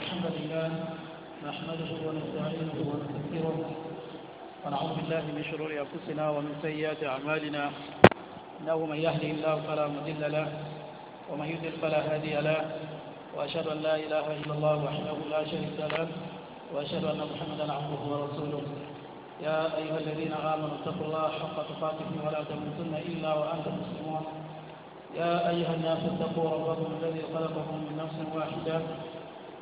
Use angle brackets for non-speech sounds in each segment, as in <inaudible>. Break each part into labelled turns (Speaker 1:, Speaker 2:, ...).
Speaker 1: الحمد لله نحمده ونستعينه ونستغفره ونعوذ بالله من شرور أنفسنا ومن سيئات أعمالنا إنه من يهده الله فلا مضل له ومن يضلل فلا هادي له وأشهد أن لا إله إلا الله وحده لا شريك له وأشهد أن محمدا عبده ورسوله يا أيها الذين آمنوا اتقوا الله حق تقاته ولا تموتن إلا وأنتم مسلمون يا أيها الناس اتقوا ربكم الذي خلقكم من نفس واحدة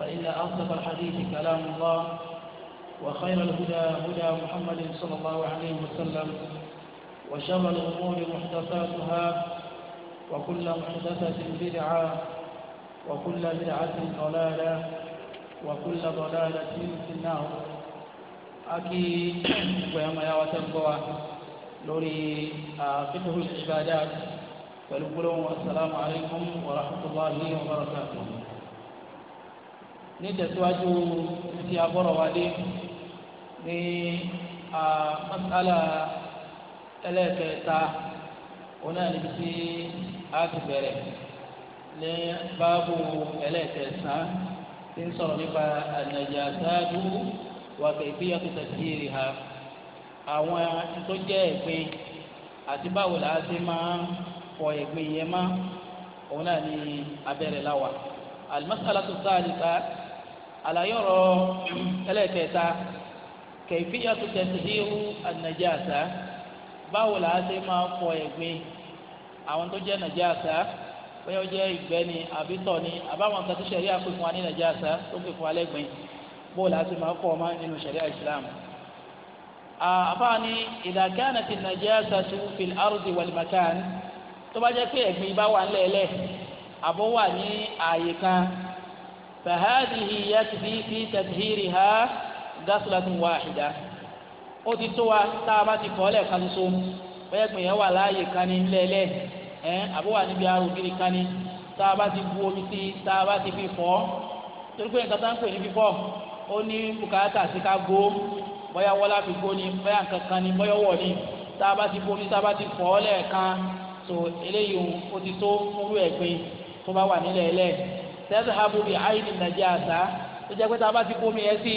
Speaker 1: فإن أصدق الحديث كلام الله وخير الهدى هدى محمد صلى الله عليه وسلم وشر الأمور محدثاتها وكل محدثة بدعة وكل بدعة ضلالة وكل ضلالة في النار أكي ويما يا وتنبوى لوري فقه العبادات فنقول السلام عليكم ورحمة الله وبركاته ní ìtẹ̀síwájú ti agbọ́rọ̀ wa dé ní masala ẹlẹ́ẹ̀kẹta òun náà níbi tí a ti bẹ̀rẹ̀ ní báàbù ẹlẹ́ẹ̀kẹsàn tí ń sọ̀rọ̀ nípa ànàjàsáàdù wà kẹ̀kẹ́ yàtọ̀ tẹ̀síìrì ha àwọn tó jẹ́ ẹ̀gbin àti báwo la ṣe máa fọ ẹ̀gbin yẹn mọ́ òun náà ní abẹ́rẹ́ láwa. al-mas'alatu thalitha àlàyé ọ̀rọ̀ ẹlẹ́kẹta kayfiyatu tẹ̀síhíhù ànàjáàsá báwo là á ṣe máa fọ ẹ̀gbin àwọn tó jẹ́ nàjáàsá bóyá ó jẹ́ ìgbẹ́ ni àbí tọ̀ ni àbáwọn kan tó ṣẹ̀rí àpè fún wa ní nàjáàsá tó fi fún alẹ́ gbìn bóò là á ṣe máa fọ ọmọ nínú ṣẹ̀rí ìsìlámù. àfààní idha kanat an-najasatu fil ardi wal makan tó bá jẹ́ pé ẹ̀gbin bá wà ńlẹ̀ẹ́lẹ̀ àbó wà ní ààyè kan فهذه يكفي في تطهيرها غسلة واحدة ó ti tó wa tá a bá ti fọ̀ lẹ́ẹ̀kan ṣoṣo bẹ́ẹ̀ pé yẹn wà láàyè kan ní lẹ́lẹ́ ẹ̀ àbó wà níbi arò kiri kan ní tá a bá ti bu omi sí i tá a bá ti fi fọ̀ torí pé nǹkan tá ń pè ní fífọ̀ ó ní bùkátà sí ká gbó bóyá wọ́lá fi gbó ni bóyá nǹkan kan ni bóyá wọ̀ ni tá a bá ti bu omi tá a bá ti fọ̀ lẹ́ẹ̀kan tó eléyìí ó ti tó fúrú ẹ̀gbin tó bá wà nílẹ̀ lẹ́ẹ̀ tadhhabu bi ayni najasa tó jẹ́ pé tá a bá ti kó mi yẹn sí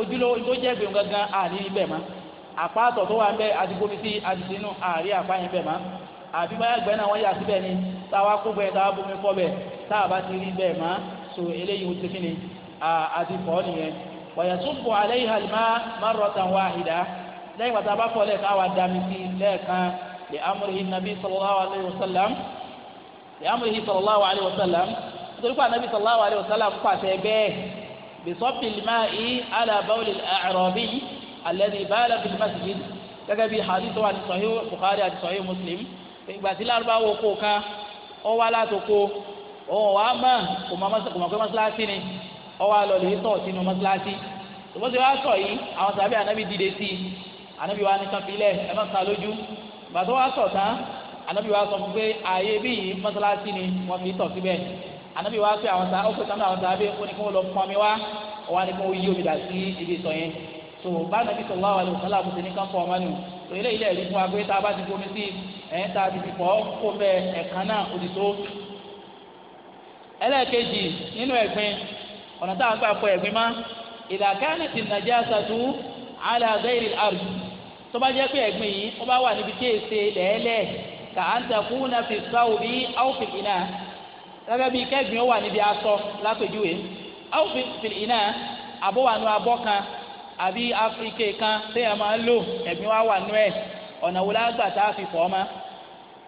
Speaker 1: ojúlówó tó jẹ́ gbẹ̀rún gangan àní ibẹ̀ mọ́ àpáàtọ̀ tó wà ń bẹ́ àti gómi sí àti sínú àárí àpá yẹn bẹ̀ mọ́ àbí báyà gbẹ́ náà wọ́n yà síbẹ̀ ni táwa kó bẹ́ẹ̀ táwa bómi kọ́ bẹ́ẹ̀ táwa bá ti rí bẹ́ẹ̀ mọ́ so eléyìí ó ti kí ni àti fọ́ nìyẹn wàyàtúbù alayha alma marratan wahida lẹ́yìn wàtá bá fọ́ lẹ́ẹ̀kan àwa dami sí lẹ́ẹ̀kan li amrihi nabi sallallahu alayhi wa sallam li amrihi sallallahu alayhi wa sallam nítorí pé anabi sallallahu alayhi wa sallam pàṣẹ bẹ́ẹ̀ bisọ́pì limáì alábáwòlì àròbí alẹ́ni bàálà bíi masjid gẹ́gẹ́ bíi hadith wa ni sahih bukhari àti sahih muslim ìgbà tí lárúbáwò kó ká ọ wá látòkó òun wàá mọ̀ kò mọ̀ pé mọ́sálásí ni ọ wá lọ lè tọ̀ sínú mọ́sálásí tòmọ́sí wa sọ yìí àwọn sàbẹ̀ anabi dìde sí anabi wa ni kanfilẹ̀ ẹ má sa lójú bàtọ́ wa sọ tán anabi wa sọ fún pé ààyè bíi mọ́sálásí ni wọ́n fi tọ̀ síbẹ̀ anabi wa pe àwọn sa o pe sanu àwọn sa bí ó ní kí wọn lọ fún omi wá wọn ni kí wọn yí omi dà sí ibi ìsọ yẹn so bá anabi sallallahu alaihi wasallam àbùsùn ní káfọ ọmọ nù tó ilé ilé ẹ̀rí fún wa pé tá a bá ti fomi sí ẹ̀ tá a ti fi pọ̀ kó bẹ ẹ̀kan náà ó ti tó ẹlẹ́ẹ̀kejì nínú ẹ̀gbin ọ̀nà táwọn gbà fọ ẹ̀gbin má idha kanati najasatu ala ghairi al-ard tó bá jẹ́ pé ẹ̀gbin yìí ó bá wà níbi tí èsè lẹ́ẹ̀lẹ́ kà á ń takú náà fi sáwù bí áwùfìkì náà gẹ́gẹ́ bíi kẹ́gbìn ó wà níbi aṣọ lápèjúwe áwòfin fìlì iná àbọ̀wànú abọ́ kan àbí áfíríkè kan téèyàn máa ń lò ẹ̀gbìn wa wà nú ẹ̀ ọ̀nà wo lágbà tá a fi fọ́ ma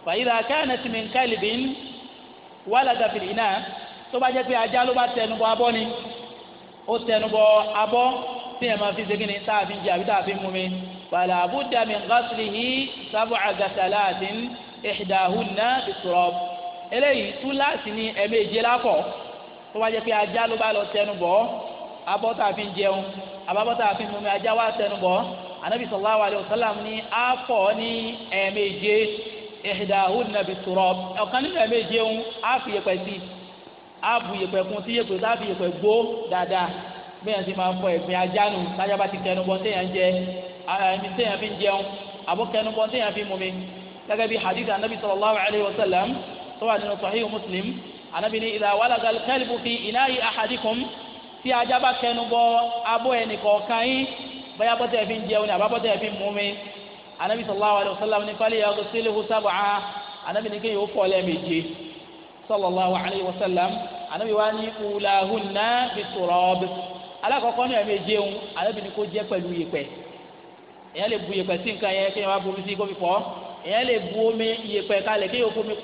Speaker 1: fàyídà kẹ́hìn tí mi ń kẹ́lì bí ń wàlàgà fìlì iná tó bá jẹ́ pé ajá ló bá tẹnubọ abọ́ ni ó tẹnubọ abọ́ téèyàn máa fi segin ni tá a fi jẹ àbí tá a fi mú mi fàlà àbúdàmí ń gásìlì yìí sábà àgàtàlá àti ìdàhùn náà bìtúrọ̀bù eléyìí túláàsì ní ẹ̀ẹ̀mejì lápọ̀ tó bá jẹ́ pé ajá ló bá lọ tẹnu bọ̀ abọ́ tá a fi ń jẹun àbábọ́ tá a fi ń mumi ajá wá tẹnu bọ̀ anabi sallallahu alayhi wa sallam ní afọ̀ ní ẹ̀ẹ̀mejì ìhìdáhùn nàbì turab ọ̀kan nínú ẹ̀ẹ̀mejì ń àfi yẹpẹ̀ sí àbù yẹpẹ̀ kún sí yẹpẹ̀ sábì yẹpẹ̀ gbó dáadáa bẹ́ẹ̀ sì máa fọ ẹ̀gbìn ajá nù tájà bá ti kẹnu bọ́ téèyàn jẹ ẹ̀mí téèyàn fi ń jẹun àbọ̀ kẹnu bọ́ téèyàn fi mumi gẹ́gẹ́ bí hadith anabi sallallahu alayhi wa sallam tó wà nínú sahihu muslim anabi ní idha walaga al-kalbu fi ina'i ahadikum tí ajá bá kẹnu bọ abọ́ ẹnì kọ̀ọ̀kan yín bóyá bọ́tẹ́ fi ń jẹun ní àbábọ́tẹ́ fi ń mú mi anabi sallallahu alayhi wa sallam ní falẹ̀ yàgò sílẹ̀hu sábà anabi ní kéèyàn ó fọ̀ lẹ́ẹ̀mejì sallallahu alayhi wa sallam anabi wa ní ulahunna biturab alakọkọ ní ẹmẹ jẹun anabi ní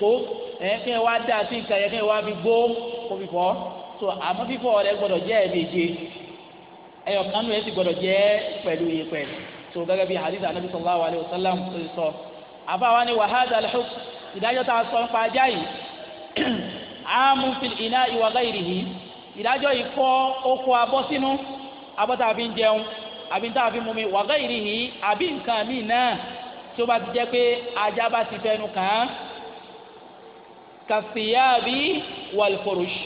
Speaker 1: kó ẹ̀ kí ẹ wá dá sí nǹkan yẹn kí ẹ wá fi gbó kó fi fọ́ so àmọ́ fífọ́ rẹ gbọ́dọ̀ jẹ́ ẹ̀ẹ́dẹ̀ẹ́dẹ́ ẹ̀yọ̀ kanú ẹ̀ sì gbọ́dọ̀ jẹ́ pẹ̀lú iye pẹ̀lú so gẹ́gẹ́ bí hadith anabi sallallahu alayhi wa sallam sọ àbáwá ni wàhálà alḥuk ìdájọ́ tá a sọ ń pa ajá yìí àmú fi iná ìwà gáyìrì yìí ìdájọ́ yìí fọ́ okò abọ́ sínú abọ́ tá a fi ń jẹun àbí tá a fi mú mi wà gáyìrì yìí àbí nǹkan míì náà tí ó bá ti jẹ́ pé ajá bá ti fẹnu kàn án kàfíyàbí wàlfòròṣì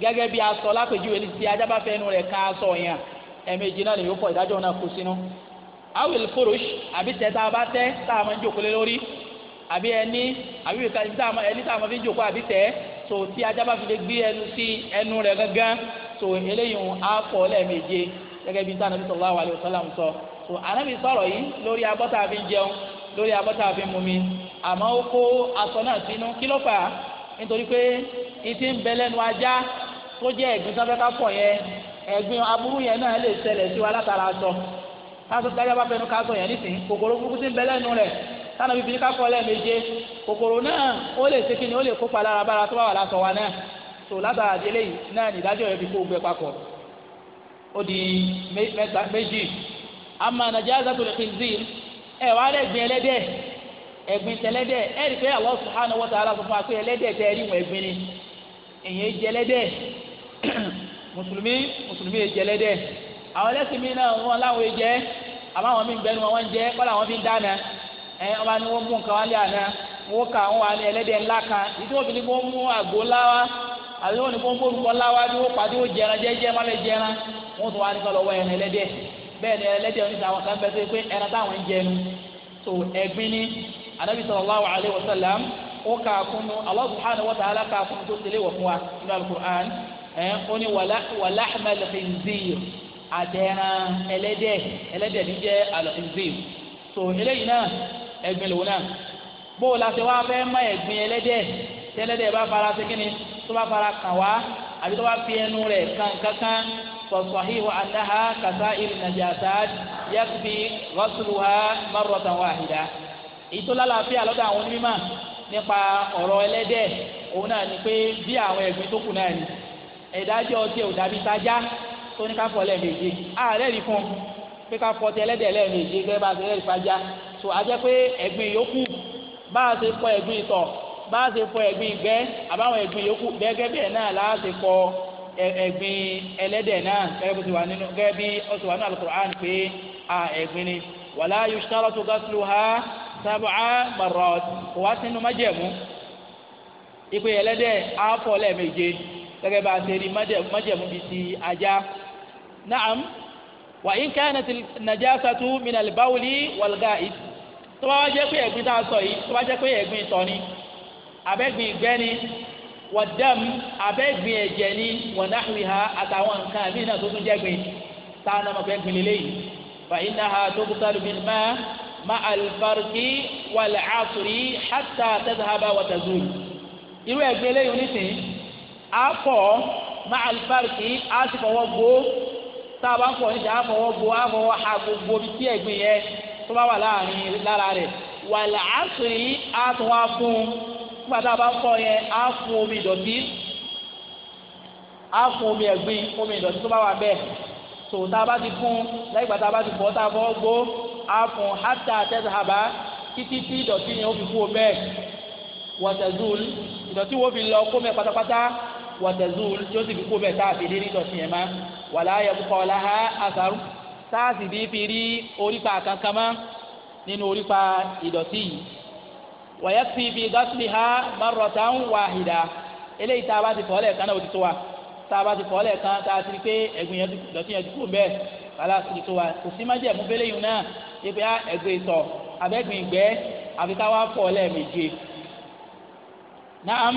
Speaker 1: gẹ́gẹ́ bí aṣọ lápèjúwe ní ti ajábáfẹ́ inú rẹ̀ ká aṣọ yẹn ẹ̀ẹ̀mejì náà lè yóò kọ ìdájọ́ náà kó sínú awil furush àbí tẹ tá a bá tẹ tá a máa ń jòkó lé lórí àbí ẹni àbí ẹni tá a máa fi ń jòkó àbí tẹ tó tí ajá bá fi lè gbé ẹnu sí ẹnu rẹ̀ gángan tó eléyìí á kọ lẹ́ẹ̀mejì gẹ́gẹ́ bí tánàbí sallallahu alaihi wasallam sọ tó ànábì sọ̀rọ̀ yìí lórí abọ́ tá a fi ń jẹun lórí abọ́ tá a fi ń mumi àmọ́ ó kó aṣọ náà sínú kí ló fà á nítorí pé ìtì ń bẹ lẹ́nu ajá tó jẹ́ ẹ̀gbin tó fẹ́ ká pọ̀ yẹn ẹ̀gbin aburú yẹn náà lè ṣẹlẹ̀ sí wa látara aṣọ káṣọ tájà bá fẹnu káṣọ yẹn nísìnyí kòkòrò burúkú ti ń bẹ lẹ́nu rẹ̀ tánà bíbí ká kọ́ kòkòrò náà ó lè ṣe kíni ó lè kópa lára bára tó bá wà láṣọ wa náà tó látara délé yìí náà nìdájọ́ yẹn fi kó gbẹ papọ̀ ó di méjì àmà nàìjíríà zàtò lè fi ẹ̀gbin tẹlẹ́dẹ̀ ẹ̀rí pé Allah subhanahu wa ta'ala sọ fún wa pé ẹlẹ́dẹ̀ tẹ ẹ̀rí wọn ẹ̀gbin ni èyí jẹlẹ́dẹ̀ <clears throat> mùsùlùmí mùsùlùmí yẹ àwọn mi náà wọn láwọn jẹ àmọ́ àwọn mi bẹ́ẹ̀ ni jẹ kọ́lá fi dáná ẹ ni wọn mú nǹkan wá lé àná wọ́n kà ni mú àbí ni mú anabi sallallahu alayhi wa sallam ó kà á kunu Allah subhanahu wa ta'ala kà á kunu tó tẹ̀lé wọ̀ fún wa nínú alukur'an ẹ̀ ó ní walahma al-khinzir àtẹ̀ràn ẹlẹ́dẹ̀ ẹlẹ́dẹ̀ ní jẹ́ al so eléyìí náà ẹ̀gbin lòun náà bó o la ṣe wá fẹ́ má ẹ̀gbin ẹlẹ́dẹ̀ tẹ́lẹ́dẹ̀ bá fara ṣe kíni tó bá fara kàn wá àbí tó bá fi ẹnu rẹ̀ kàn kankan فالصحيح أنها كسائر النجاسات يكفي غسلها مرة واحدة èyí tó lálàáfíà lọ́dọ̀ àwọn onímọ̀ nípa ọ̀rọ̀ ẹlẹ́dẹ̀ òun náà ni pé bí àwọn ẹ̀gbin tó kù náà ni ẹ̀dájọ́ ọtí ò dàbí tajá tó ní ká fọ lẹ́ẹ̀mejì ààrẹ rí fún un pé ká fọ ti ẹlẹ́dẹ̀ lẹ́ẹ̀mejì gẹ́gẹ́ bá a ṣe lẹ́ẹ̀rí fajá tó a jẹ́ pé ẹ̀gbin yòókù bá a ṣe fọ ẹ̀gbin ìtọ̀ bá a ṣe fọ ẹ̀gbin ìgbẹ́ àbáwọn ẹ̀gbin yòókù gẹ́gẹ́ bẹ́ẹ̀ náà la ṣe fọ ẹ̀gbin ẹlẹ́dẹ̀ náà gẹ́gẹ́ bí ó sab'a marrat kò wá sínú májẹ̀mú ìpè ẹlẹ́dẹ̀ àáfọ̀ lẹ́ẹ̀méje gẹ́gẹ́ bá a ṣe rí májẹ̀mú bíi ti ajá na'am wa in kanat najasatu min al-bawli wal-ga'id tó bá wá jẹ́ pé ẹ̀gbin tá a sọ yìí tó bá jẹ́ pé ẹ̀gbin ìtọ̀ ni abẹ́gbin ìgbẹ́ ni wàdàm abẹ́gbin ẹ̀jẹ̀ ni wọ̀nàhùn ìhà àtàwọn nǹkan àmì náà tó tún jẹ́gbin tá a nà mọ̀ pé gbin lélẹ́yìí fa innaha tubtalu bil ma' مع الفرق والعصر حتى تذهب وتزول irú ẹgbẹ́ eléyìí onísìn akọ máa lùbáríkì á sì fọwọ́ gbó tá a bá ń pọ̀ níṣẹ́ á fọwọ́ gbó á fọwọ́ ha gbogbo bí tí ẹ̀gbìn yẹn tó bá wà láàrin lára rẹ̀ wà láàásùrì á fún nígbà tá a bá ń pọ̀ yẹn á omi ìdọ̀tí á omi ẹ̀gbìn omi ìdọ̀tí tó bá wà bẹ́ẹ̀ so tá a bá ti fún lẹ́yìn tá a bá ti bọ́ tá a fọ́ gbó a fún hátà tẹ́sàbà títí tí ìdọ̀tí yẹn ó fi kú o bẹ́ẹ̀ wọ́tẹ̀zúl ìdọ̀tí wo fi lọ kó mẹ́ pátápátá wọ́tẹ̀zúl tí ó sì fi kú bẹ́ẹ̀ tá a fi dé ní ìdọ̀tí yẹn má wàlá yẹ kó kọ́ láha àsàrù tá a sì ní fi rí orípa kankan mọ́ nínú orípa ìdọ̀tí yìí wọ́yẹ́ fi fi gásùlì ha márùtàn wàhídà eléyìí tá a bá ti fọ́ tá a bá ti kọ́ lẹ́ẹ̀kan tá a ti rí pé ẹ̀gbìn yẹn dọ̀tí yẹn dúkú bẹ́ẹ̀ kálá sí tó wa kò sí májẹ̀mú bẹ́lẹ̀ yìí náà yẹ pé ah, ẹ̀gbìn ìtọ̀ abẹ́gbìn ìgbẹ́ àfi ká wá fọ̀ lẹ́ẹ̀méje. naam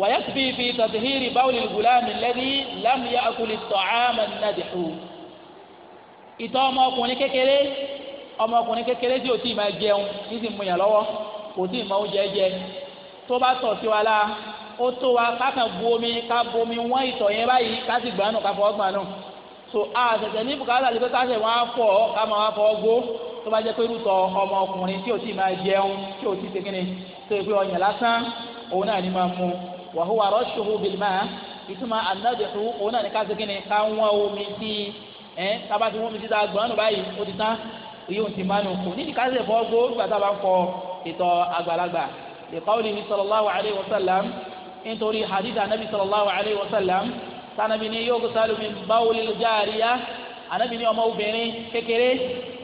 Speaker 1: wàyẹ́sibí fi tàtìhírì báwùlì gùlámì lẹ́dí lámìyá akuli tọ̀hámà nàdìhù. ìtọ̀ ọmọkùnrin kékeré ọmọkùnrin kékeré tí ò tí ì máa jẹun ní sì mú yàn lọ́wọ́ kò tí ì máa oúnjẹ jẹ tó bá tọ̀ sí wa láà ó tó wa kákan bu omi ká bomi wọ́n ìtọ̀ yẹn báyìí ká sì gbà nù ká fọwọ́ gbà nù so a tẹ̀tẹ̀ ní bùkátà lè pé ká sẹ̀ wọ́n á fọ̀ ká máa wá fọwọ́ gbó tó bá jẹ́ pé rútọ̀ ọmọkùnrin tí ò tí máa jẹun tí ò tí ṣe kíni tó yẹ pé ọyàn lásán òun náà ni máa mu wàhùwà rọ́ṣùhù bìlmà ìtumọ̀ ànádìhù òun náà ni ká ṣe kíni ká wọ́n omi sí ẹ tábà tí wọ́n mi ti ta gbọ́nù báyìí ó ti tán iye òun ti máa nù kù nídìí ká fọ́ gbó nígbà tá a bá ń fọ ìtọ̀ àgbàlagbà ìkọ́wé ni sallallahu alaihi wasallam nítorí hadith anabi sallallahu alayhi wa sallam sanabi ni yóò sálù min bawli jariya anabi ni ọmọ obìnrin kékeré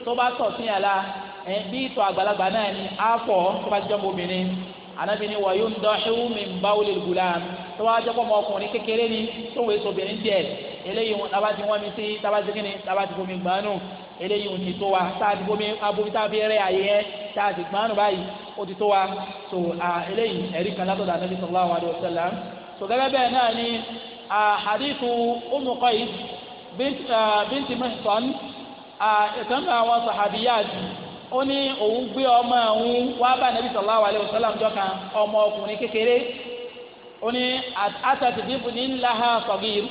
Speaker 1: tó bá tọ̀ sí yàrá ẹ̀ bí ìtọ̀ àgbàlagbà náà ni àpọ̀ tó bá jẹ́ obìnrin anabi ni wa yundahu min bawli gulam tó wá jẹ́ pọ́mọ ọkùnrin kékeré ni tó wèé sobìnrin díẹ̀ eléyìí wọn tábà ti wọ́n mi sí tábà ti kíni tábà ti fomi gbàánù eléyìí wọn ti tó wa tá a ti fomi abomi tá a fi rẹ́ àyè yẹn tá a gbàánù báyìí ó ti tó wa so eléyìí ẹ̀rí kan látọ̀dọ̀ Ànábì sallallahu alaihi wasallam so gẹ́gẹ́ bẹ́ẹ̀ náà ni hadithu Ummu Qais bint Mihsan ìtàn àwọn sahabiyat ó ní òun gbé ọmọ òun wá bá Ànábì sallallahu alaihi wasallam jọ kan ọmọ ọkùnrin ó ní àtàtì bíbu ní ńláha sọ̀gìr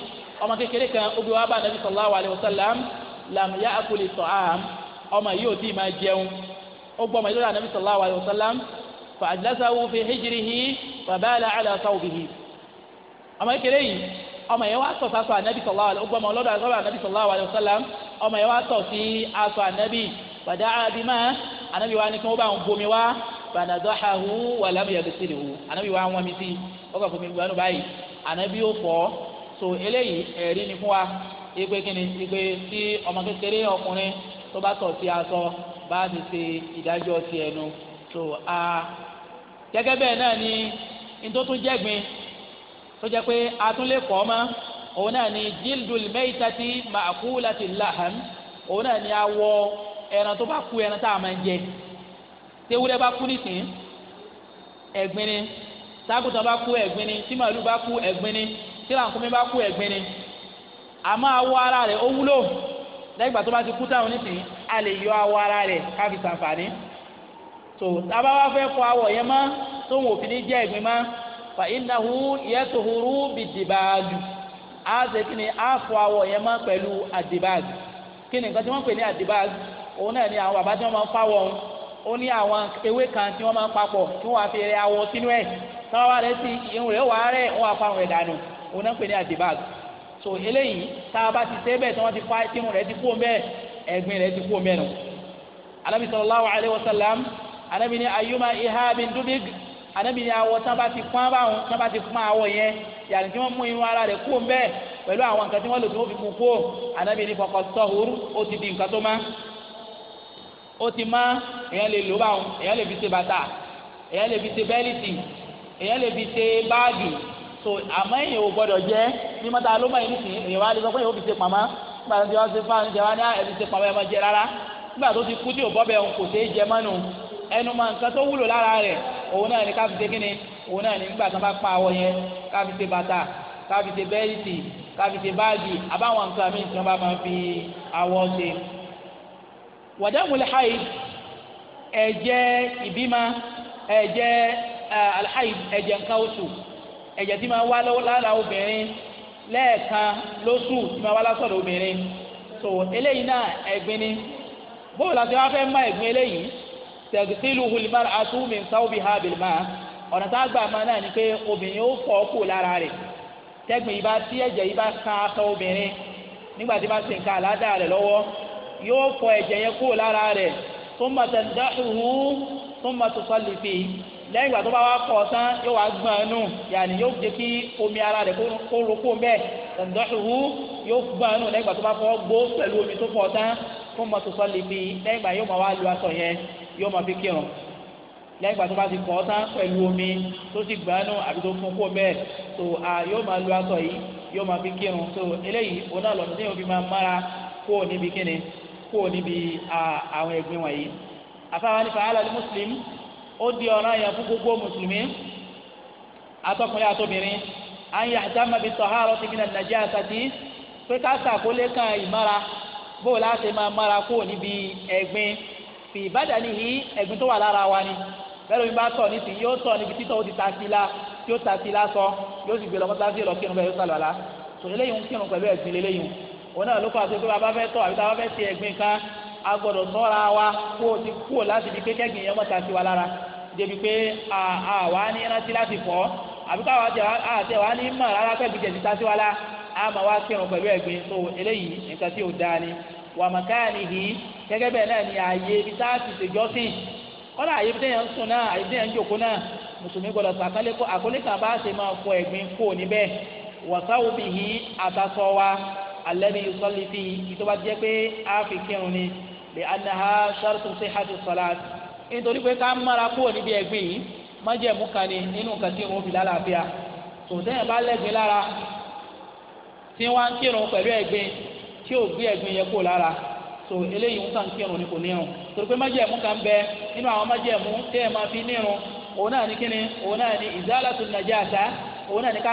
Speaker 1: ọmọ kékeré kan ó bí wá bá nàbí sallallahu alayhi wa sallam lam ya'kul ta'am ọmọ yìí ò tí ì máa jẹun ó gbọ́ ọmọ yìí lọ́dọ̀ nàbí sallallahu alayhi wa sallam fa ajlasahu fi hijrihi fa bala ala thawbihi ọmọ kékeré yìí ọmọ yẹn wá tọ̀ sásọ ànábì sallallahu alayhi ọgbọ́n ọmọ ọlọ́dọ̀ ànábì sallallahu alayhi wa sallam ọmọ yẹn wá tọ̀ sí aṣọ ànábì bàdá àbímá ànábì wa ni kí wọ́n bá ń bomi wá fanadọ́hàhù wàlámù yàgùsìlì hù wa wọn mi sí ọkọ̀ fún mi gbanú báyìí ànábì yóò fọ́ so eléyìí ẹ̀rí ni fún wa ìpè kíni ìpè tí kékeré ọkùnrin tó bá tọ̀ sí aṣọ bá ti ṣe ti ẹnu so a gẹ́gẹ́ bẹ́ẹ̀ náà ni ntótún jẹ́gbin tó jẹ́ pé atúnlẹ̀kọ́ òun náà ni òun náà ni awọ ẹran tó bá ẹran tá a máa jẹ tewúrẹ́ bá kú nísìnyí ẹ̀gbin ni tágùtàn bá kú ẹ̀gbin ni tí màálù bá kú ẹ̀gbin ni tí làǹkómi bá kú ẹ̀gbin ni àmọ́ awọ ara rẹ̀ ó wúlò lẹ́gbàá tó bá ti kú táwọn nísìnyí a lè yọ awọ ara rẹ̀ káfí sàǹfààní tó tábà wá fẹ́ fọ awọ yẹn mọ́ tó wọn ò fi ní jẹ́ ẹ̀gbin mọ́ fa innahu yatuhuru bìdìbàjù á ṣe kí ni á fọ awọ yẹn mọ́ pẹ̀lú àdìbàjù kí ni nǹkan tí wọ́n pè ní àdìbàjù òun náà ni àwọn bàbá tí wọ́n máa ń fáwọ́ ọ̀hún ó ní àwọn ewé kan tí wọ́n máa ń papọ̀ tí wọ́n á fi rẹ awọ sínú ẹ̀ táwọn bá rẹ sí irun rẹ̀ wà á rẹ̀ wọ́n á fa àwọn ẹ̀dánù òun náà pè ní àdìbàg so eléyìí tá a bá ti ṣe bẹ́ẹ̀ tí wọ́n ti fa irun rẹ̀ ti kú omi ẹ̀ ẹ̀gbin rẹ̀ ti kú omi ẹ̀ nù. anabi sallallahu alayhi wa sallam anabi ni ayuma ihabin dubig anabi ni awọ tí wọ́n bá ti pọ́n báwọn tí wọ́n bá ti pọ́n awọ yẹn yàrá tí wọ́n mú irun ara rẹ̀ kú omi ẹ̀ pẹ̀lú àwọn nǹkan tí wọ́n lò tí wọ́n fi kú kú anabi ni fọkàn sọ̀húr ó ti di nǹkan tó máa ó ti má èèyàn lè lò báwọn èèyàn lè fi ṣe bàtà èèyàn lè fi ṣe bẹ́lìtì èèyàn lè fi ṣe báàgì so àmọ́ èèyàn ò gbọ́dọ̀ jẹ́ bí mọ́ta ló mọ̀ yìí nìsín èèyàn wá lè sọ pé èèyàn ò fi ṣe pàmò nígbà tó ti wá ṣe fáwọn ìjẹba ní ah, ẹ̀ fi ṣe pàmò ẹ̀ mọ́ jẹ rárá nígbà tó ti kú tí ò bọ́ bẹ́ẹ̀ kò ṣeé jẹ mọ́nu ẹnu máa nǹkan tó wúlò lára rẹ̀ òun náà ni ká fi ṣe kíni òun náà ni nígbà tó bá pa àwọ̀ yẹn ká fi ṣe bàtà ká fi ṣe bẹ́lìtì wàdàmù alhaid ẹ̀jẹ̀ ìbímọ ẹ̀jẹ̀ alhaid ẹ̀jẹ̀ nǹkan oṣù ẹ̀jẹ̀ tí máa wá lára obìnrin lẹ́ẹ̀kan lóṣù tí máa wá lásọ̀rọ̀ obìnrin so eléyìí náà ẹ̀gbin ni bó la ti wá fẹ́ má ẹ̀gbin eléyìí tẹ̀sílù hulimar asúmi sáwùbí ha bìlmá ọ̀nà tá a gbà máa náà ni pé obìnrin ó fọ̀ kù lára rẹ̀ tẹ́gbìn yìí bá tí ẹ̀jẹ̀ yìí bá kan aṣọ obìnrin nígbà tí bá ṣe nǹkan àládàá rẹ̀ yóò fọ ẹ̀jẹ̀ yẹn kúrò lára rẹ̀ thumma tandahuhu thumma tusalli fihi lẹ́yìn ìgbà tó bá wá pọ̀ tán yóò wá gbọ́n ẹnu yàní yóò jẹ́ kí omi ara rẹ̀ kó roko mbẹ́ tandahuhu yóò gbọ́n ẹnu lẹ́yìn ìgbà tó bá fọ́ gbó pẹ̀lú omi tó pọ̀ tán thumma tusalli fihi lẹ́yìn ìgbà yóò máa wá lu aṣọ yẹn yóò máa fi kírun lẹ́yìn ìgbà tó bá ti pọ̀ tán pẹ̀lú omi tó ti gbọ́n ẹnu àbí tó fún kó mbẹ́ tó yóò máa lu aṣọ yìí yóò máa fi kírun tó eléyìí òun kó níbi kíni kó níbi àwọn ẹ̀gbin wọ̀nyí afáwa nípa alali muslim ó di ọ̀ràn yẹn fún gbogbo mùsùlùmí atọkùnrin àtobìnrin à ń yàtá mabi tọ́hárọ̀ ti gbìnà najasati pé ká sàkólé kan ìmára bóò láti máa mára kó níbi ẹ̀gbin fi badanihi ẹ̀gbin tó wà lára wa ni bẹ́ẹ̀ ló ń bá tọ̀ ní ti yóò tọ̀ níbi títọ́ ó ti ta sí la yóò ta sí la sọ yóò sì gbé lọ́mọ́tà sí lọ́kírun bẹ́ẹ̀ yóò sàlọ́ la sòlélẹ́yìn kírun pẹ̀lú ẹ̀gbin lélẹ́yìn òun náà ló kọ́ àti pé bàbá fẹ́ tọ̀ àbí bàbá fẹ́ ti ẹ̀gbìn kan a gbọ́dọ̀ sọ́ra wa kó o ti kúrò láti di pé kẹ́gbìn yẹn mọ́ta sí wa lára débi pé àwa ní rántí láti fọ́ àbí káwa àti àwa ní mọ̀ rárá kẹ́gbìn jẹ̀ síta sí wa la a máa wá kírun pẹ̀lú ẹ̀gbìn tó eléyìí nǹkan tí ò dáa ni wà màkáàní yìí gẹ́gẹ́ bẹ́ẹ̀ náà ni ààyè ibi tá a ti ṣèjọ́sìn kọ́lá àyè ibi téèyàn ń sùn náà àyè téèyàn ń jòkó náà mùsùlùmí gbọ́dọ̀ sọ àkọlé kan bá ṣe máa fọ ẹ̀gbìn kò níbẹ̀ wọ̀sáwùbì yìí àtàsọ wa alẹ́bí sọ́lì fi ìtọ́ba jẹ́ pé a fi kírun ni lè anaha shartu sihhatu salat nítorí pé ká mara kúrò níbi ẹ̀gbìn yìí kan ni nínú nǹkan tí òun fi lálàáfíà tó sẹ́yìn bá lẹ́gbin lára tí wọ́n á kírun pẹ̀lú ẹ̀gbin tí ò gbé ẹ̀gbin yẹn kó lára tó eléyìí ń kàn kírun ni kò nírun torí pé májẹ̀mú kan bẹ nínú àwọn májẹ̀mú tí ẹ̀ máa fi nírun òun náà ní kíni òun náà ní òun náà ní ká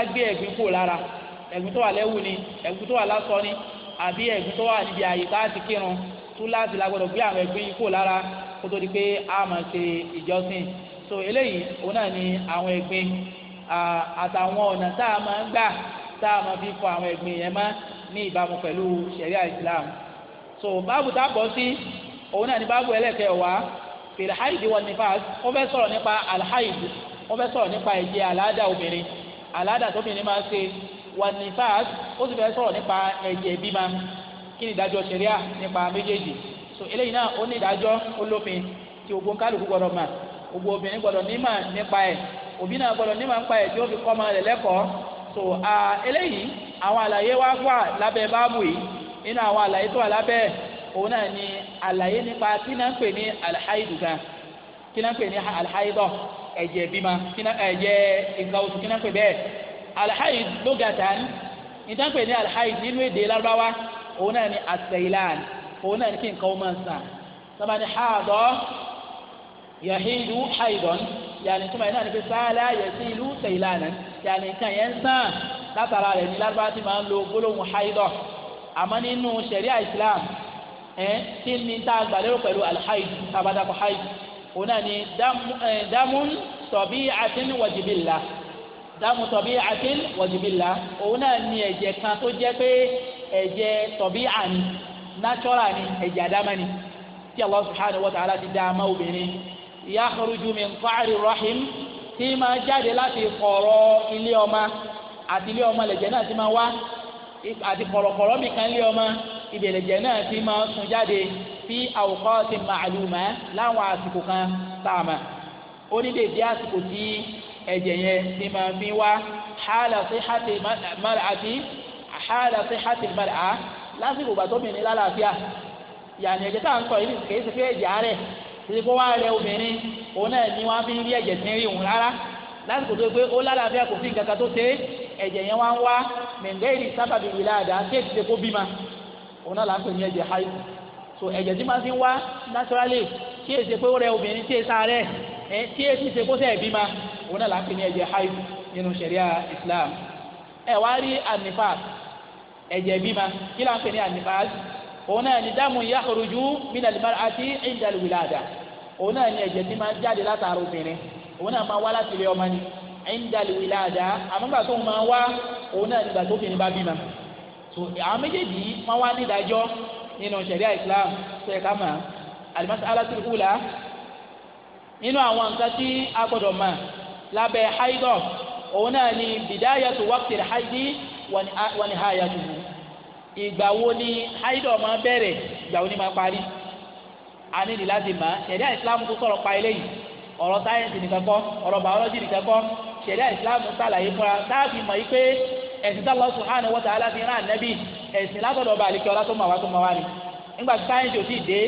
Speaker 1: ẹ̀gún tó wà lẹ́wù ni ẹ̀gún tó wà lásọ ni àbí ẹ̀gún tó wà níbi àyíká àti kírun túláàsì la gbọdọ̀ gbé àwọn ẹ̀gbin yìí kò lára kó tó di pé a máa ṣe ìjọsìn so eléyìí òun náà ni àwọn ẹ̀gbin àtàwọn ọ̀nà tá a máa ń gbà tá a máa fi fọ àwọn ẹ̀gbin yẹn mọ́ ní ìbámu pẹ̀lú ṣẹ̀ríà Islam so báàbù tá a bọ̀ sí òun náà ni báàbù ẹlẹ́kẹ̀ẹ́ wá fìlàhàìdì wọn nípa ó fẹ́ sọ̀rọ̀ nípa alhaid ó fẹ́ sọ̀rọ̀ nípa ẹ̀jẹ̀ aláàdá obìnrin aláàdá tóbìnrin wanifas ó sì fẹ́ sọ̀rọ̀ nípa ẹ̀jẹ̀ bímọ kí ni ìdájọ́ ṣẹ̀ríà nípa méjèèjì so eléyìí náà ó ní ìdájọ́ olófin tí ogun kálukú gbọdọ̀ mà gbogbo obìnrin gbọdọ̀ nímọ̀ nípa ẹ̀ òbí náà gbọdọ̀ nípa ẹ̀ tí ó fi kọ́ ọmọ rẹ̀ lẹ́kọ̀ọ́ so eléyìí àwọn àlàyé wá wà lábẹ́ báàbù yìí nínú àwọn àlàyé tó wà lábẹ́ òun náà ni alhaid lugatan ìtànpè ní alhaid nínú èdè lárúbáwá òun náà ni asailan òun náà ni kí nǹkan ó máa sàn sábà ní haadọ yahidu haidon yàní túmọ̀ yìí náà ni pé sáálà yẹsí ìlú sailana yàní nǹkan yẹn ń sàn látara rẹ̀ ní lárúbáwá ti máa ń lo gbólóhùn haidọ àmọ́ nínú ṣẹ̀ríà islam ẹ̀ kí ni tá a gbà alhaid tabadako haid òun náà ni damun sọ̀bí àti wàjibìlá dáàmú tọ̀bí àtìl wọ̀jìbìlà òun náà ní ẹ̀jẹ̀ kan tó jẹ́ pé ẹ̀jẹ̀ tọ̀bí àní náṣọ́rà ni ẹ̀jẹ̀ àdámá ni tí Allah subhanahu wa ta'ala ti dá ama obìnrin yakhruju min qa'ri rahim tí máa jáde láti kọ̀rọ̀ ilé ọmọ àti ilé ọmọ lẹ̀jẹ̀ náà ti máa wá àti kọ̀rọ̀kọ̀rọ̀ mi kan ilé ọmọ ìbẹ̀lẹ̀jẹ̀ náà ti máa sun jáde fi awqatin ma'luma láwọn àsìkò kan sáàmà ó ní dèbí àsìkò tí ẹ̀jẹ̀ yẹn ti máa fi wá hàlà sí hàtì mọ́lá àti hàlà sí hàtì mọ́lá à lásìkò gbàtọ́ mi ní lálàáfíà yàní ẹ̀jẹ̀ tá à ń sọ yìí kì í ṣe pé ẹ̀jẹ̀ àárẹ̀ ṣe kó wá rẹ obìnrin òun náà ni wọ́n fi ń rí ẹ̀jẹ̀ tí ń rí òun rárá lásìkò tó gbé ó lálàáfíà kò fi nǹkan kan tó ṣe ẹ̀jẹ̀ yẹn wá ń wá mẹ̀ngẹ́rì sábàbí wìláàdá kéèkì ṣe kó bímọ òun náà là ní ẹ̀jẹ̀ haidu so ẹ̀jẹ̀ tí máa fi ń wá naturally kí èsì pé ó rẹ obìnrin tí èsà rẹ̀ ẹ tí etí ṣe kó sẹ́ẹ̀ bí ma òun náà là ń pè ní ẹ̀jẹ̀ haid nínú ṣẹ̀ríà Islam ẹ wá rí anifas ẹ̀jẹ̀ bí ma kí là ń pè ní anifas òun náà ní dáàmú yakhruju min al-mar'ati inda wilada òun náà ní ẹ̀jẹ̀ tí máa jáde látara obìnrin òun náà máa wá láti ilé ọmọ ni inda wilada àmọ́gbà tó máa wá òun náà nígbà tó obìnrin bá bí ma so àwọn méjèèjì máa wá nídàájọ́ nínú ṣẹ̀ríà Islam ṣe nínú àwọn nǹkan tí a gbọ́dọ̀ mọ̀ lábẹ́ haidọ̀ òun náà ni bidayatu waqti haidi wa nihayatuhu ìgbà wo ni haidọ̀ máa bẹ̀rẹ̀ ìgbà wo ni máa parí a nílì láti mọ̀ ṣẹ̀dá ìsìlámù tó sọ̀rọ̀ pa eléyìí ọ̀rọ̀ sáyẹ́nsì nìkan kọ́ ọ̀rọ̀ bàọ́lọ́jì nìkan kọ́ ṣẹ̀dá ìsìlámù sàlàyé fúnra táàbì mọ̀ yí pé ẹ̀sìn tí Allah subhanahu wa ta'ala fi rán ànábì ẹ̀sìn látọ̀dọ̀ bàálí kí ọlá tó mọ̀ wá tó mọ̀ wá ni nígbà tí sáyẹ́ǹsì ò sì dé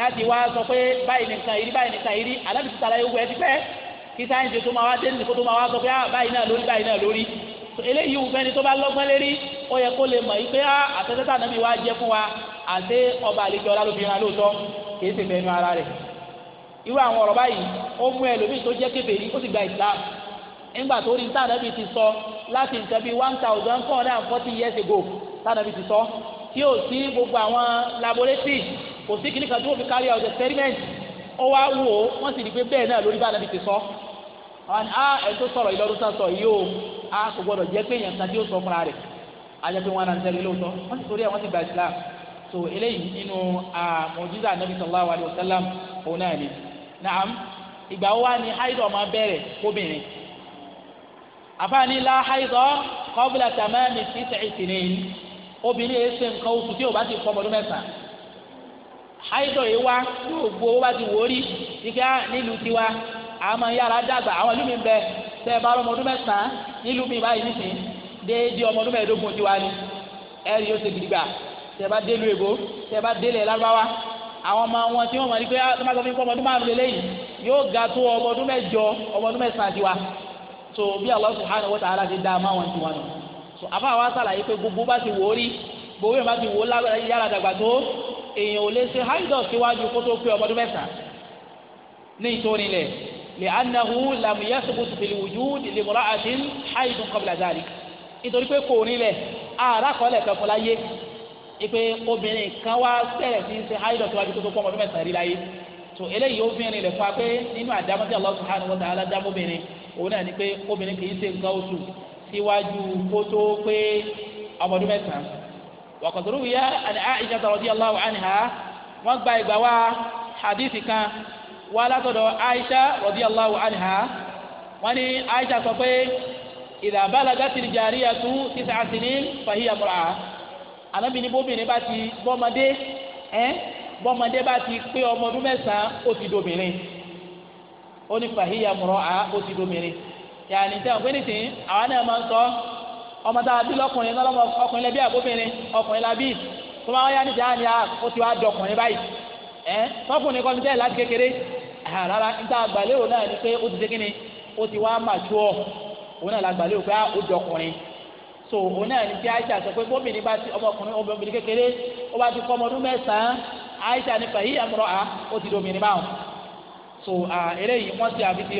Speaker 1: láti wá sọ pé báyìí nìkan ìrí báyìí nìkan ìrí ànábì ti sàlàyé owó ẹ ti pẹ́ kí sáyẹ́ǹsì tó máa wá dé nìkan tó máa wá sọ pé ah báyìí náà lórí báyìí náà lórí eléyìí wù fẹ́ni tó bá lọ́gbọ́n lérí ó yẹ kó lè mọ̀ yìí pé ah àtẹ́tẹ́tà náà mi wá jẹ́ fún wa àti ọba àlejò ọlá ló fi hàn lóòótọ́ kìí sì fẹ́nu ara rẹ̀ irú àwọn ọ̀rọ̀ báyìí ó mú ẹlòmíì tó jẹ́ kébèrè ó sì gba Islam nígbà tó rí tànàbì ti sọ láti nǹkan bíi one thousand four hundred and forty years ago tànàbì ti sọ tí ò sí gbogbo àwọn laboratory kò sí kìnnìkan tí wọ́n fi carry out experiment ó wá wò ó wọ́n sì rí i pé bẹ́ẹ̀ náà lórí bá anabi ti sọ àwọn ni ah ẹ̀ tó sọ̀rọ̀ ìlọrin tó sọ yìí o ah kò gbọdọ̀ jẹ́ pé èèyàn kan tí ó sọ fúnra rẹ̀ ajẹ́ pé wọ́n náà ń tẹ̀lé lóòótọ́ wọ́n sì torí ẹ̀ wọ́n sì gba Islam so eléyìí nínú mọ̀jísà anabi sallallahu alayhi wa sallam òun náà ni naam ìgbà wo wá ni haidọ̀ máa bẹ̀rẹ̀ kóbìnrin àfáàní la haidọ̀ qabla tamami tis'i sinin obìnrin yẹn ṣe nǹkan oṣù tí o bá ti fọ ọmọdún mẹ́sàn-án àìsàn yìí wá gbogbo owó bá ti wò ó rí nígbà ah, nílùú tiwa àmọ́ yàrá dàgbà àwọn ìlú mi bẹ tẹ ẹ bá rọ ọmọdún mẹ́sàn-án nílùú mi báyìí nìsín déédéé ọmọdún mẹ́ẹ̀ẹ́dógún tiwa ni ẹ̀rí yóò ṣe gidigba tẹ bá délu èbó tẹ bá délẹ̀ lárúbáwá àwọn ọmọ wọn tí wọn mọ ní pé ah, tó má sọ ọmọdún márùn lélẹ́yìn yóò ga tó ọmọdún mẹ́jọ ọmọdún mẹ́sàn tiwa so bí Allah subhanahu so àbá wa sàlàyé pé gbogbo bá ti wò ó rí gbogbo yẹn bá ti wò ó yára dàgbà tó èèyàn ò lè ṣe haidọ̀ síwájú kó tó pé ọmọdún mẹ́ta ní ìtòrí lẹ̀ lè anahu lamu yasubutu fil wujud àti haidun qabla dhalik nítorí pé kò rí lẹ̀ ara kọ́ lẹ̀ ipe obìnrin kan wá sẹ̀rẹ̀ sí ṣe haidọ̀ síwájú kó tó pé ọmọdún mẹ́ta rí láyé so eléyìí obìnrin lè fa pé nínú àdámọ́ tí Allah subhanahu wa ta'ala òun náà ni pé obìnrin kì í ṣe nǹkan oṣù síwájú kótó Pe ọmọdún mẹ́sàn-án wàkàtúrú wíyá Aisha radiyallahu anha wọ́n gba ìgbà wa hadithi kan wá látọ̀dọ̀ Aisha radiyallahu anha wọ́n ní Aisha sọ pé idha balagatil jariyatu tis'a sinin fahiya mur'a anábìíní bóbìnrin bá ti bọ́mọdé ẹ́ bọ́mọdé bá ti pé ọmọdún mẹ́sàn-án ó ti dobìnrin ó ní fahiya mur'a ó ti dobìnrin yàní tẹ́ ọ̀pẹ́ nìsín àwa náà máa ń sọ ọmọ tá a bí lọ́kùnrin lọ́lọ́mọ ọkùnrin lẹ́bí àbóbìnrin ọkùnrin la tó máa ń yá nìsín àní ó ti wá dọkùnrin báyìí ẹ tọkùnrin kọ́ni tẹ́ láti kékeré rárá níta àgbàlérò náà ni pé ó ti ṣe ni ó ti wá mature òun náà làgbàlérò pé ó dọkùnrin so òun náà ni tí Aisha sọ pé bóbìnrin bá ti ọmọkùnrin obìnrin kékeré ó bá ti kọ́ ọmọ ọdún mẹ́sàn-án Aisha ni fàyí àmúrọ̀ à ó ti di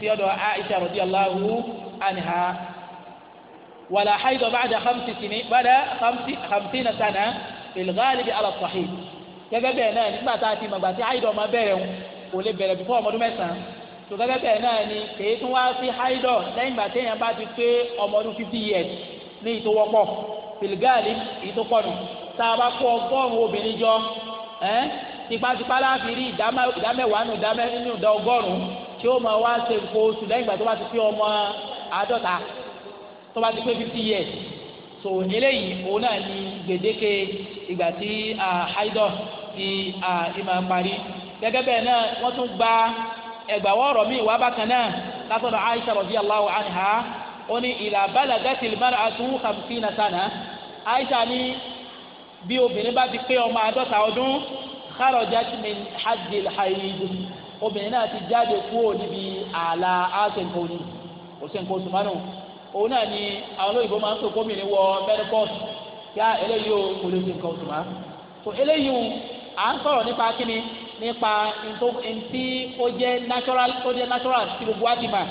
Speaker 1: sí ọ̀dọ̀ Aisha radiyallahu anha wàlá haidọ̀ ba'da hamsi sini ba'da hamsi hamsina sana bilghalibi ala sahih gẹ́gẹ́ bẹ́ẹ̀ náà nígbà tá a ti màgbà tí haidọ̀ máa bẹ̀rẹ̀ wọn kò lè bẹ̀rẹ̀ bí fún ọmọdún mẹ́sàn-án tó gẹ́gẹ́ bẹ́ẹ̀ náà ni kèé tún wá sí haidọ̀ lẹ́yìn gbà téèyàn bá ti pé ọmọdún fifty years ní ìtòwọ́pọ̀ bilghalibi ìtòkọ̀nù tá a bá kó ọgọ́rùn-ún obìnrin jọ tipátipá láti rí ìdámẹ́wàá nù ìdá ọgọ́rùn-ún tí ó máa wá ṣe nǹkan oṣù lẹ́yìn ìgbà tó bá ti pé ọmọ àádọ́ta tó bá ti pé fifty years so eléyìí òun náà ni gbèdéke ìgbà tí haidọ ti ìmọ̀ parí gẹ́gẹ́ bẹ́ẹ̀ náà wọ́n tún gba ẹgbàwọ́ ọ̀rọ̀ mi ìwà bákan náà látọ̀dọ̀ Aisha radiyallahu anha ó ní ìlà balagatil mar'atu khamsina sana Aisha ní bí obìnrin bá ti pé ọmọ àádọ́ta ọdún kharajat min haddil haid obìnrin náà ti jáde kúrò níbi ààlà àṣẹǹkóni òṣèǹkó sùmánù òun náà ni àwọn olóyìnbó máa ń pè kómìnrin wọ menopause yá eléyìí o kò lè ṣe nǹkan oṣù má tó eléyìí à ń sọ̀rọ̀ nípa kíni nípa ntí ó jẹ́ natural ó jẹ́ natural tí gbogbo wa ti mà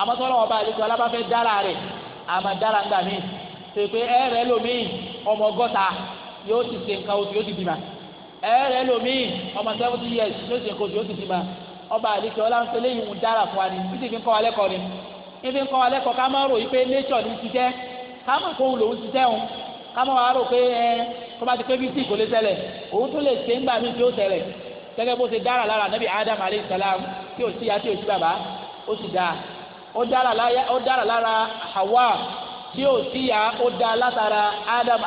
Speaker 1: àmọ́ tọ́lọ́ ọba àlejò alábàfẹ́ dára rẹ̀ àmà dára ń gbà mí pèpè ẹ̀rẹ̀ lomiin ọmọ ọgọ́ta yóò ti ṣe nǹkan oṣù yóò ti bímọ ẹ̀rẹ̀ lomiin ọmọ seventy years yóò ti ṣe nǹkan oṣù yóò ti bímọ ọba àlejò ọláńpẹ lẹ́yìn òun dára fún wa ni títí fi ń kọ́ wa lẹ́kọ̀ọ́ ni ibi ń kọ́ wa lẹ́kọ̀ọ́ ká má rò yí pé nature ti jẹ́ ká má kó òun ti jẹ́ òun ká má wàá rò pé ẹ bá ti pé tí kò lè òun lè ṣe mí tí ó gẹ́gẹ́ bó ṣe dára lára adam ya tí ò bàbá ó sì dáa hawa tí o ya ó dá látara adam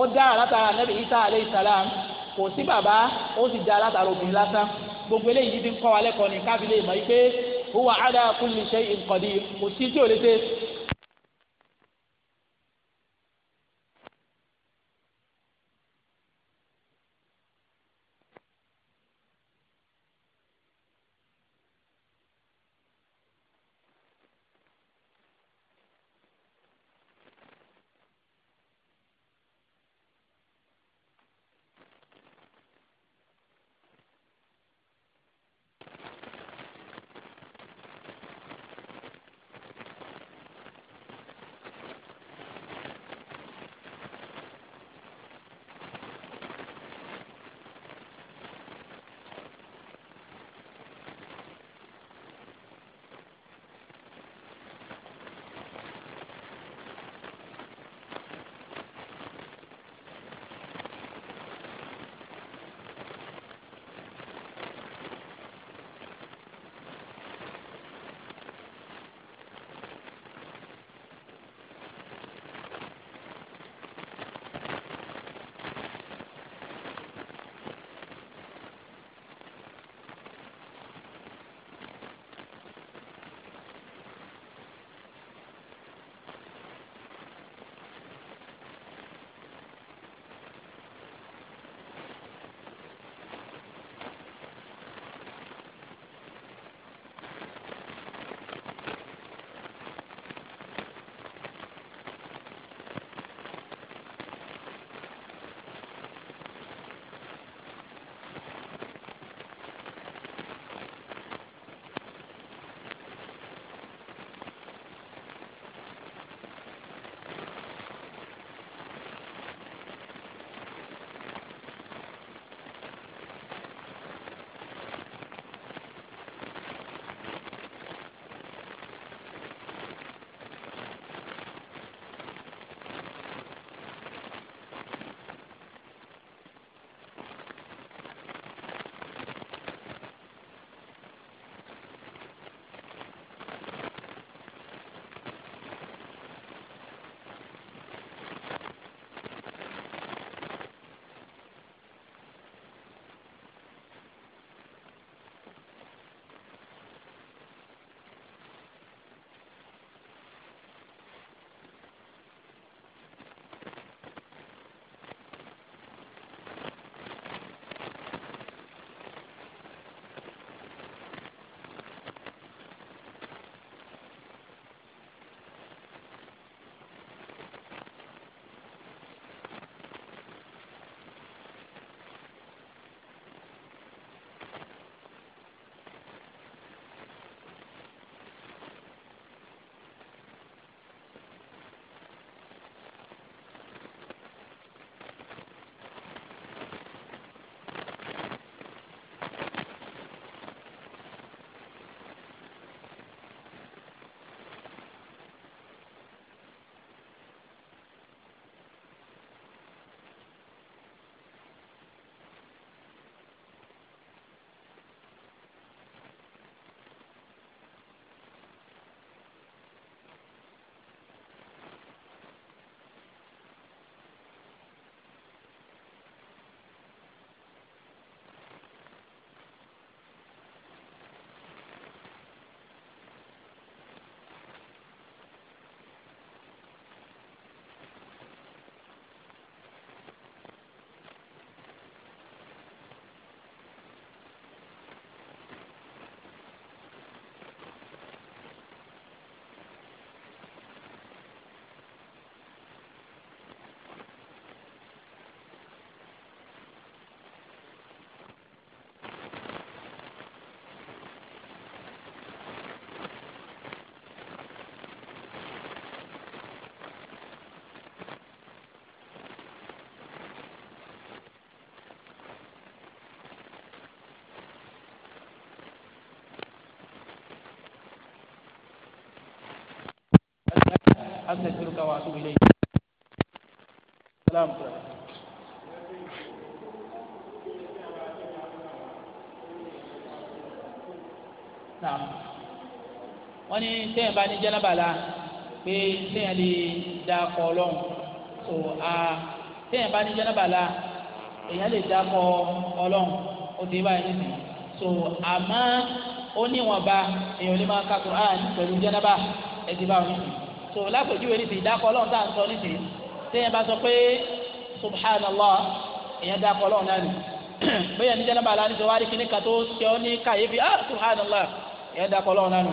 Speaker 1: ó dára látara isa kò sí bàbá ó sì látara obìnrin gbogbo eléyìí ti ń kọ́ wa lẹ́kọ̀ọ́ ní káfílẹ̀ ìmọ̀ yìí pé huwa ala kulli shay'in qadir kò sí tí ò lè ṣe أستغفرك وأتوب إليك سلام naam wọ́n ní sẹ́yìn bá ní jẹ́nàbàlà pé sẹ́yìn lè da kọ́ ọlọ́run so a sẹ́yìn bá ní jẹ́nàbàlà èèyàn lè da kọ́ ọlọ́run ó ti báyìí nìyí so àmọ́ ó níwọ̀nba èèyàn lè máa ka Qur'an pẹ̀lú jẹ́nàbà ẹ ti báyìí nìyí so lápèjúwe ní ti ìdákọ Ọlọ́run tá à ń sọ ní ti téèyàn bá sọ pé subhanallah èèyàn dákọ Ọlọ́run náà nì <clears throat> bẹ́ẹ̀ ní jẹ́nàbà aláàánú ti wá rí kíní kan tó ṣe ọ́ ní kàyéfì ah subhanallah èèyàn dákọ Ọlọ́run náà nù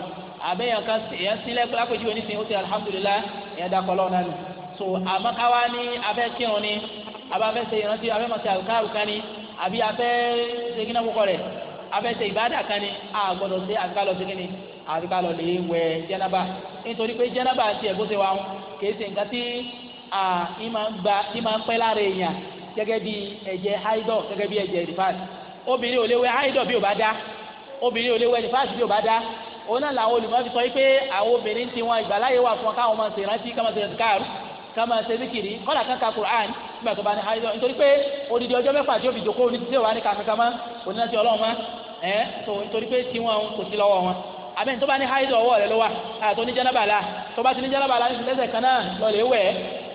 Speaker 1: àbẹ́yàn kan èèyàn sílẹ̀ lápèjúwe ní ti ó ti alhamdulillah èèyàn dákọ Ọlọ́run náà nù so àmọ́ ká wá ní abẹ́ kírun ni abẹ́ ṣe ìrántí abẹ́ mọ̀ṣẹ́ àlùkárù kan ni àbí abẹ́ ṣe kíná púpọ̀ rẹ̀ abẹ́ ṣe ìbádà kan ni àgbọ̀dọ̀ ṣe àgbàlọ́ ṣe kíni àti ká lọ lè wẹ̀ jẹ́nàbà nítorí pé jẹ́nàbà ti ẹ̀ bó ṣe wà kìí ṣe nǹkan tí ìmọ̀ ń pẹ́ lára èèyàn gẹ́gẹ́ bí ẹ̀jẹ̀ haidọ̀ gẹ́gẹ́ bí ẹ̀jẹ̀ rìfáàsì obìnrin ò lè bi haidọ̀ bí ò bá dá obìnrin ò lè bí ò bá dá òun náà làwọn olùmọ̀ fi sọ pé àwọn obìnrin ti wọn ìgbàláyé wà fún káwọn máa káwọn ka Qur'an nígbà tó bá ní haidọ̀ nítorí pé odidi ọjọ́ mẹ́fà tí ó fi jòkó ní ti ní mọ́ àbẹ́ni tó bá ní haidu ọwọ́ rẹ̀ ló wà àtọ́ ah, ní jẹ́nàbà la tó bá ti ní jẹ́nàbà la ní lẹ́sẹ̀ kan náà lọ lè wẹ̀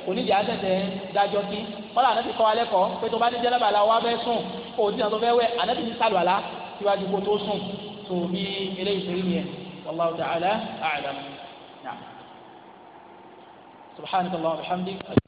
Speaker 1: oníjà sẹ̀sẹ̀ dájọ́ kí wọ́n lànà ti kọ́ alẹ́ kọ́ pé tó bá ní jẹ́nàbà la wọ́n á fẹ́ sùn kó o ti tó fẹ́ wẹ̀ àná ti ní sálù àlá síwájú kó tó sùn tó bí eléyìí torí nìyẹn wallahu ta'ala a'lam. subhanaka allahumma